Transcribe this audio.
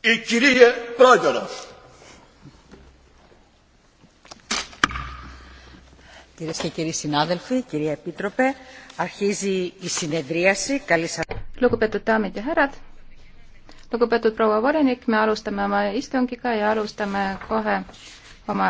Η κυρία Πρόεδρος. Κυρίε και κύριοι συνάδελφοι, κυρία Επίτροπε, αρχίζει η συνεδρίαση. Καλή σας... Lugupeetud daamid ja härrad, lugupeetud proua volinik, me alustame oma istungiga ja alustame kohe oma